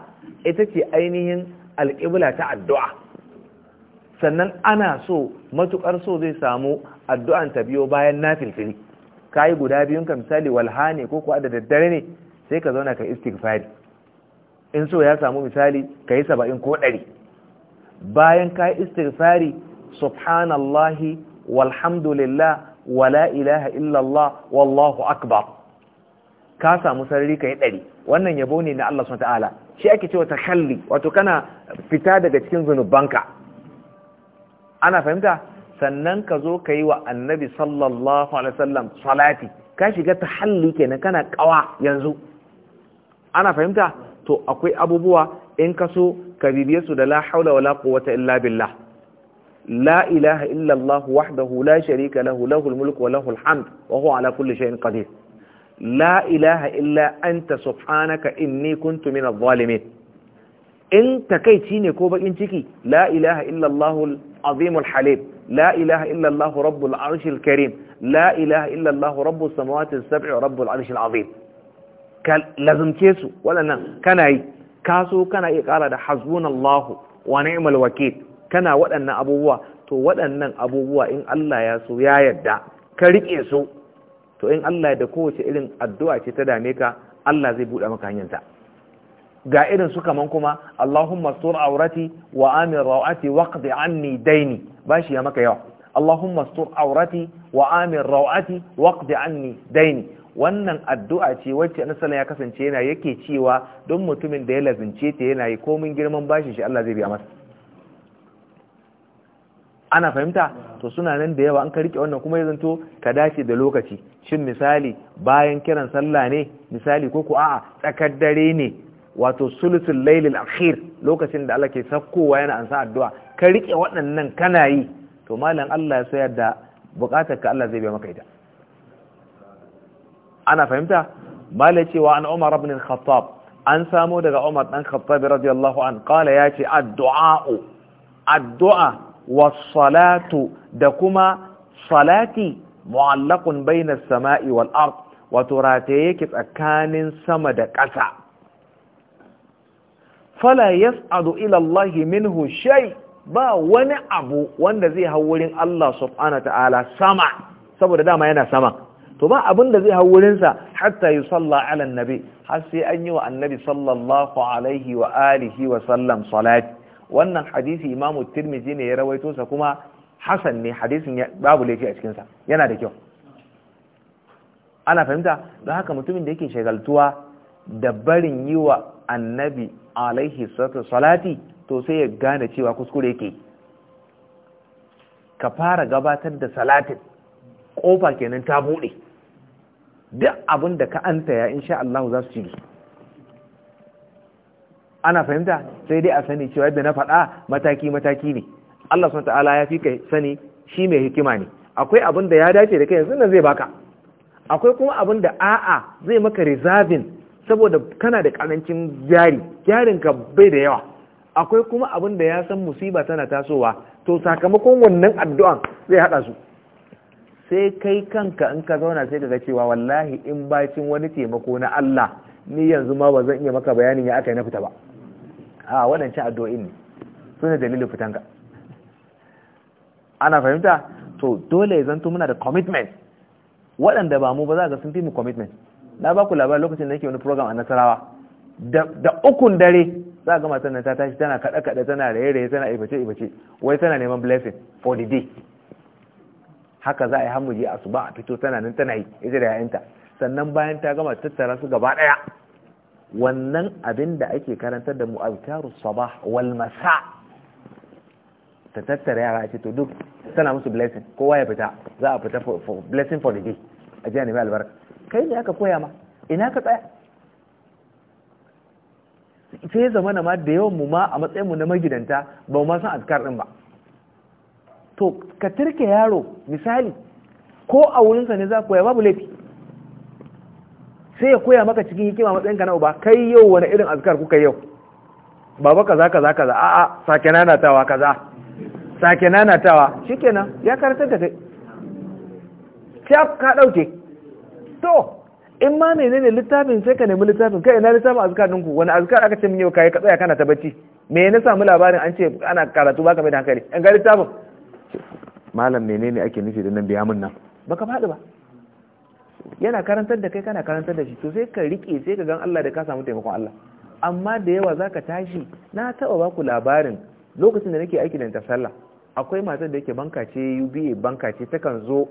ita ce ainihin alƙibla ta addu'a sannan ana so matuƙar so zai samu addu'an ta biyo bayan na filfili ka yi guda biyun ka misali walhane ko kuwa da daddare ne sai ka zauna ka istighfari in so ya samu misali ka yi saba'in ko ɗari bayan ka yi istighfari subhanallahi walhamdulillah wala ilaha illallah wallahu akbar ka samu sarari ka yi ɗari wannan yabo ne na Allah ta'ala shi ake cewa takalli wato kana fita daga cikin zunubanka ana fahimta sannan ka zo ka yi wa annabi sallallahu alaihi wasallam salati ka shiga tahalli kenan kana kawa yanzu ana fahimta to akwai abubuwa in ka so ka bibiye da la haula wala quwwata illa billah la ilaha illallah wahdahu la sharika lahu lahul mulku wa lahul hamd wa huwa ala kulli shay'in qadir la ilaha illa anta subhanaka inni kuntu min adh-dhalimin in takeici ne ko baƙin ciki la ilaha illallah al-azim al-halim la ilaha illallah rabbul arsh al-karim la ilaha illallah rabbus samawati as-sab'i rabbul arsh al-azim lazumce su waɗannan kana yi kaso kana iya ƙara da hasbunallahu wa ni'mal wakil kana waɗannan abubuwa to waɗannan abubuwa in Allah ya so ya yarda ka riƙe su to in Allah da kowace irin addu'a ce ta dame ka Allah zai buɗe maka hanyarta ga irin su kaman kuma Allahumma sur aurati wa amir rawati waqdi anni daini bashi ya maka yawa Allahumma sur aurati wa amir rawati waqdi anni daini wannan addu'a ce wacce annabi ya kasance yana yake cewa don mutumin da ya lazince ta yana yi komin girman bashin shi Allah zai biya masa ana fahimta to suna nan da yawa an ka rike wannan kuma ya zanto ka dace da lokaci shin misali bayan kiran sallah ne misali ko ku a'a tsakar dare ne wato sulusul lailil akhir lokacin da Allah ke sakkowa yana ansa addu'a ka rike waɗannan kana yi to malam Allah ya sayar da bukatar ka Allah zai bai maka ita ana fahimta malai cewa an Umar ibn al-Khattab an samo daga Umar dan Khattab radiyallahu an qala yace addu'a addu'a wasalatu da kuma salati mu'allaqun bainas sama'i wal ard wato rataye yake tsakanin sama da ƙasa fala yas'adu ila Allah minhu shay ba wani abu wanda zai hau wurin Allah subhanahu ta'ala sama saboda dama yana sama to ba abin da zai hau wurinsa hatta yi salla ala nabi har sai an yi wa annabi sallallahu alaihi wa alihi wa sallam salati wannan hadisi imamu tirmizi ne ya rawaito sa kuma hasan ne hadisin babu laifi a cikinsa yana da kyau ana fahimta don haka mutumin da yake shagaltuwa da barin yi wa annabi alaihi salati to sai ya gane cewa kuskure yake ka fara gabatar da salatin kofa kenan ta buɗe duk abin da ka anta ya insha Allah za su ci ana fahimta sai dai a sani cewa yadda na faɗa mataki mataki ne Allah sun ta'ala ya fi ka sani shi mai hikima ne akwai abin da ya dace da kai yanzu nan zai baka akwai kuma abin da a'a zai maka rizabin, saboda kana da karancin jari jarinka bai da yawa akwai kuma abin da ya san musiba tana tasowa to sakamakon wannan addu'an zai haɗa su sai kai kanka in ka zauna sai ga cewa wallahi in bacin wani taimako na Allah ni yanzu ma ba zan iya maka bayanin ya aka yi na fita ba a waɗancan addu'o'in ne su ne dalilin fitanka ana fahimta to dole ya zanto muna da commitment waɗanda ba mu ba za ga sun fi mu commitment na ba ku labar lokacin da nake wani program a nasarawa da ukun dare za ga matan nan ta tashi tana kaɗa kaɗe tana raye-raye tana ibace-ibace wai tana neman blessing for the day haka za a yi hamuji a su ba a fito tana nan tana yi ita da yayanta sannan bayan ta gama tattara su gaba ɗaya wannan abin da ake karantar da mu'abtaru sabah wal masa ta tattara yara ce to duk tana musu blessing kowa ya fita za a fita for blessing for the day a jiya nemi albarka kai ne aka koya ma ina ka tsaya sai zama na ma da yawan mu ma a matsayin mu na magidanta ba mu ma san azkar din ba to ka turke yaro misali ko a wurinsa ne za ku ya babu laifi sai ya koya maka cikin hikima matsayin ka na uba kai yau wani irin azkar kuka yau baba kaza kaza kaza a'a sake nanatawa kaza sake nanatawa shikenan ya karatar da kai sai ka dauke to in ma menene littafin sai ka nemi littafin kai ina littafin azkar ku wani azkar aka ce min yau kai ka tsaya kana ta bacci me ne samu labarin an ce ana karatu baka mai da hankali in ga littafin malam menene ake nufi da nan biya mun nan baka faɗi ba yana karantar da kai kana karantar da shi to sai ka rike sai ka gan Allah da ka samu taimakon Allah amma da yawa zaka tashi na taba ba ku labarin lokacin da nake aiki da sallah akwai matar da yake banka ce UBA banka ce takan zo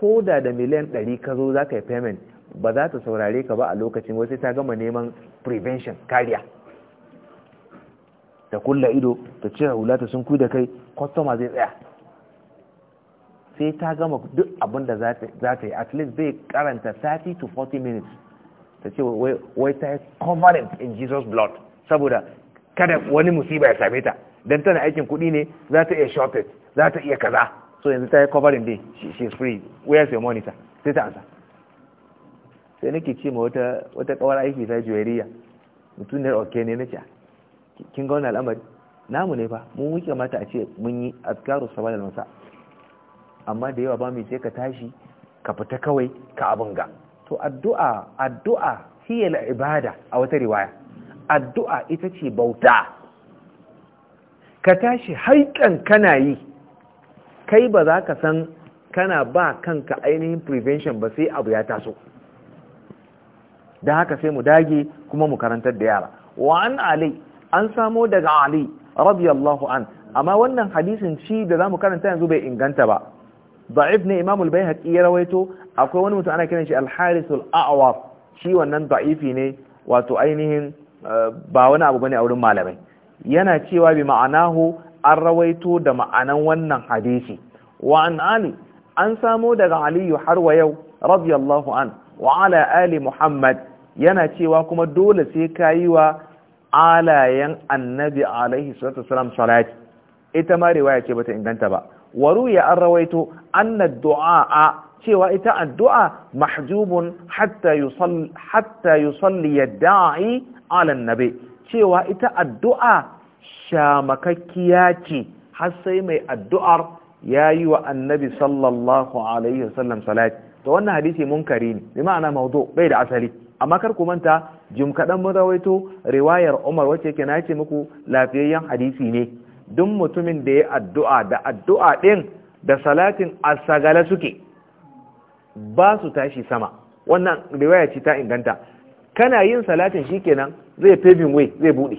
ko da da miliyan 100 ka zo zaka yi payment ba za ta saurare ka ba a lokacin wai sai ta gama neman prevention kariya ta kulla ido ta ce hula sun kuyi da kai kwastoma zai tsaya sai ta gama duk abin da za ta yi at least zai karanta 30 to 40 minutes ta ce wai ta yi covering in jesus blood saboda kada wani musiba ya same ta don tana aikin kuɗi ne za ta iya shortage za ta iya kaza so yanzu ta yi covering day she is free where's your monitor sai ta ansa sai nake ce ma wata kawar aiki ta juwariya mutum ne ok ne na ce kin ga wani al'amari namu ne fa mun wuce mata a ce mun yi azkaru da masa amma da yawa ba mai ce ka tashi ka fita kawai ka abin ga to addu'a addu'a la ibada a wata riwaya addu'a ita ce bauta ka tashi haikan kana yi kai ba za ka san kana ba kanka ainihin prevention ba sai abu ya taso da haka sai mu dage kuma mu karantar da yara wa'an an ali an samo daga ali radiyallahu an amma wannan hadisin shi da zamu karanta yanzu bai inganta ba da'if ne imam al-bayhaqi ya rawaito akwai wani mutum ana kiran shi al-haris al-a'war shi wannan da'ifi ne wato ainihin eh, ba wani abu bane a wurin malamai yana cewa bi ma'anahu an rawaito da ma'anan wannan hadisi wa an ali an samo daga aliyu har wa yau radiyallahu an wa ala ali muhammad yana cewa kuma dole sai kayi wa alayen annabi alaihi salatu wasalam salati ita ma riwaya ce bata inganta ba waruya an rawaito anna du'a cewa ita addu'a mahjubun hatta yusalli hatta yusalli yad'i ala annabi cewa ita addu'a shamakakkiya ce har sai mai addu'ar yayi wa annabi sallallahu alaihi wasallam salati to wannan hadisi munkari ne bi ma'ana maudu bai da asali amma karku manta jim kadan mun rawaito riwayar Umar wace yake na muku lafiyayyen hadisi ne duk mutumin da ya addu'a da addu'a ɗin da salatin asagala suke ba su tashi sama wannan riwaya ce ta inganta kana yin salatin shi kenan zai paving way zai buɗe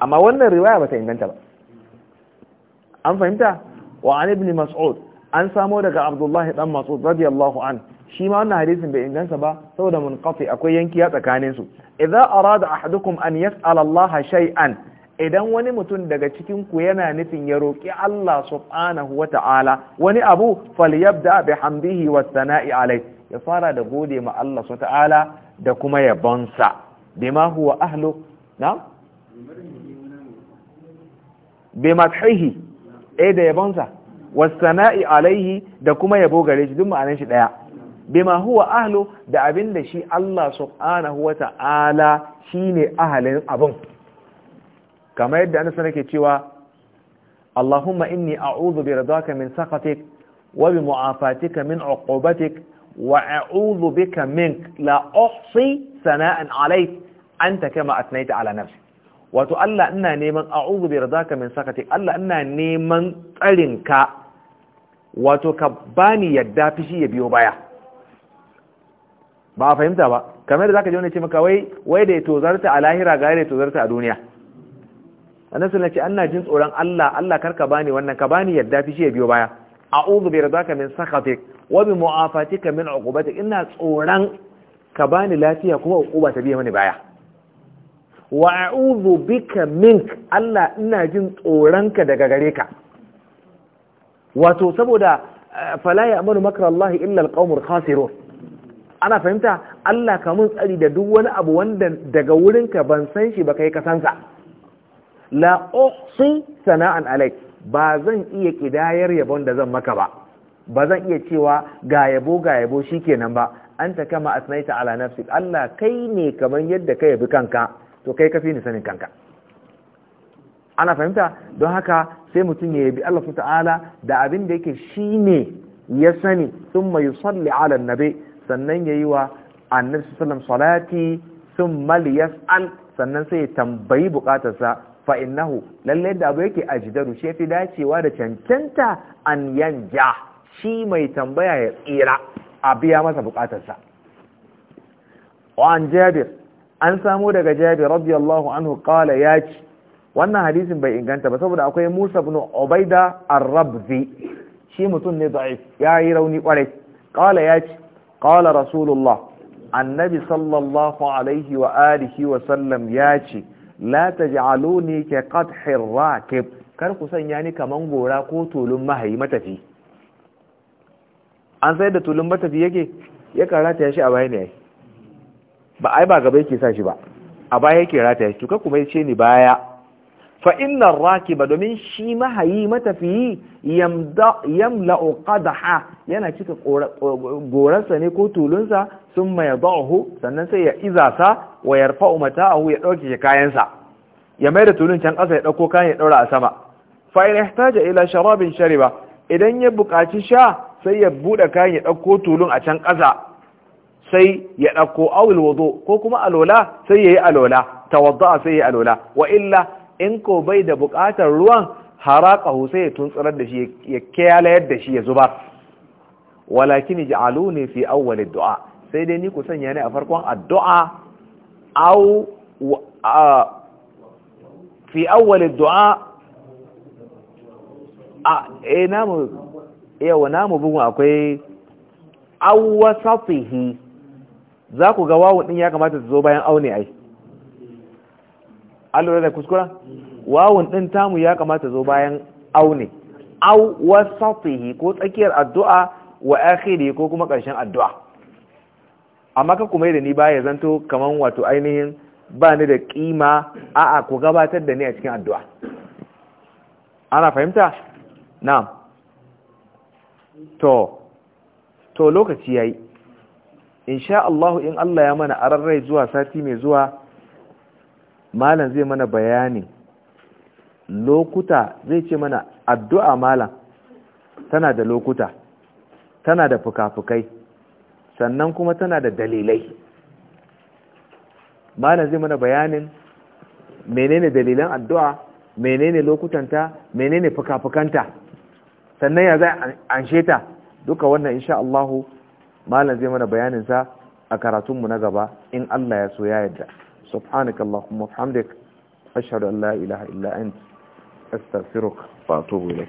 amma wannan riwaya ba ta inganta ba an fahimta wa an ibn mas'ud an samo daga abdullahi dan mas'ud radiyallahu an shi ma wannan hadisin bai inganta ba saboda munqati akwai yanki ya tsakanin su idza arada ahadukum an yas'ala Allah shay'an idan wani mutum daga cikin ku yana nufin ya roƙi Allah subhanahu wa ta'ala wani abu falyabda hamdihi wa sanai alai ya fara da gode ma Allah subhanahu wa ta'ala da kuma yabonsa bima huwa ahlu na bimadhihi eh da yabonsa wa sanai alaihi da kuma yabo gare shi duk ma'anar shi daya bima huwa ahlu da abinda shi Allah subhanahu wa ta'ala shine ahalin abun kama yadda anas nake cewa Allahumma inni a'udhu bi ridaka min sakatik wa bi mu'afatika min 'uqubatik wa a'udhu bika mink la uhsi sana'an 'alayk anta kama asnaita 'ala nafsi wato Allah ina neman a'udhu bi ridaka min sakatik Allah ina neman tsarinka wato ka bani yadda fishi ya biyo baya ba fahimta ba kamar da zaka je wani ce maka wai wai da ya tozarta a lahira ga da ya tozarta a duniya annabi sallallahu alaihi wasallam ce ana jin tsoron Allah Allah karka bani wannan ka bani yadda fi shi ya biyo baya a'udhu bi ridaka min sakhatik wa bi mu'afatika min 'uqubatik ina tsoron ka bani lafiya kuma uquba ta biya mani baya wa a'udhu bika mink Allah ina jin tsoron ka daga gare ka wato saboda eh, fala ya'muru makra Allah illa al-qaumul khasirun ana fahimta Allah ka mun tsari da duk wani abu wanda daga wurinka ban san shi ba kai ka san sa la uhsi sana'an alaik ba zan iya kidayar yabon da zan maka ba ba zan iya cewa ga yabo ga yabo shikenan ba anta kama asnaita ala nafsik Allah kai ne kamar yadda ka yabi kanka to kai kafi ni sanin kanka ana fahimta don haka sai mutum ya yabi Allah ta'ala da abin da yake shine ya sani thumma yusalli ala nabi sannan yayi wa annabi sallallahu alaihi wasallam salati thumma liyas'al sannan sai ya tambayi bukatarsa fainnahu lallai lalle da abu yake ajidaru shi fi dacewa da cancanta an yanja shi mai tambaya ya tsira a biya masa bukatarsa an jabir an samu daga jabir radiyallahu anhu ya yaci wannan hadisin bai inganta ba saboda akwai Musa bin obaida arrabzi shi mutum ne ya yayi rauni kwarai ya yaci kala rasulullah annabi sallallahu alaihi wa alihi wa sallam ce. la ne ke ƙadhin rakib kar ku sanya ni kamar gora ko tulun mahayi matafi an sai da tulun matafi yake ya karata shi a baya ne ba ai ba gaba yake sa shi ba a baya yake rata shi tuka kuma kuma ce ni baya fa inna rakiba domin shi mahayi matafi yamla'o yamla'u ha. yana cika gorarsa ne ko tulunsa sun mai ba'ahu sannan sai ya iza sa wa ya rufa umarta'ahu ya ɗauke kayansa ya mai da tulun can ƙasa ya ɗauko kayan ya ɗaura a sama faina ya taja ila sharabin shariba idan ya buƙaci sha sai ya buɗe kayan ya ɗauko tulun a can ƙasa sai ya ɗauko awul wazo ko kuma alola sai ya yi alola tawadda'a sai ya yi alola wa illa in ko bai da buƙatar ruwan haraƙahu sai ya tuntsurar da shi ya kyalayar da shi ya zubar walakin ji'aluni fi awwalid du'a sai dai ni ku sanya ne a farkon addu'a au fi awwal addu'a a e namu yawa namu bugun akwai awwasatihi za ku ga wawu din ya kamata ta zo bayan aune ai allura da kuskura wawun din tamu ya kamata zo bayan aune au safihi ko tsakiyar addu'a wa akhiri ko kuma ƙarshen addu'a amma ka kuma da ni ba ya zanto kamar wato ainihin ba ni da kima a'a ku gabatar da ni a cikin addu'a ana fahimta na to to lokaci yayi insha Allah in Allah ya mana ararrai zuwa sati mai zuwa malam zai mana bayani lokuta zai ce mana addu'a malam tana da lokuta tana da fuka-fukai sannan kuma tana da dalilai malam zai mana bayanin menene dalilan addu'a menene lokutanta menene fuka-fukanta sannan ya zai an sheta duka wannan insha Allahu malam zai mana bayanin sa a karatunmu na gaba in Allah ya so ya yadda subhanakallahumma hamdik ashhadu an la ilaha illa anta astaghfiruka wa atubu